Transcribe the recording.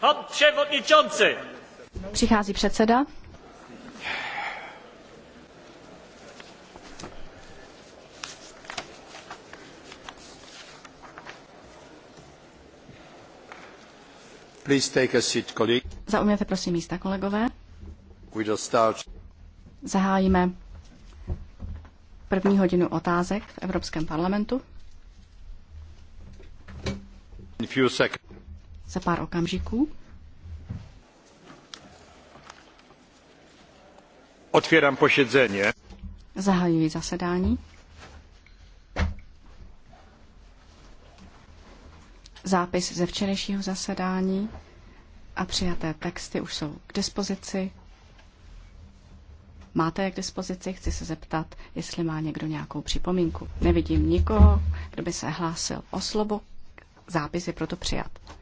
Pan převodničonci! Přichází předseda. Please take a seat, colleague. Zaujměte prosím místa, kolegové. We just start. Zahájíme první hodinu otázek v Evropském parlamentu. In few seconds za pár okamžiků. Otvírám pošedzení. Zahajuji zasedání. Zápis ze včerejšího zasedání a přijaté texty už jsou k dispozici. Máte je k dispozici, chci se zeptat, jestli má někdo nějakou připomínku. Nevidím nikoho, kdo by se hlásil o slovo. Zápis je proto přijat.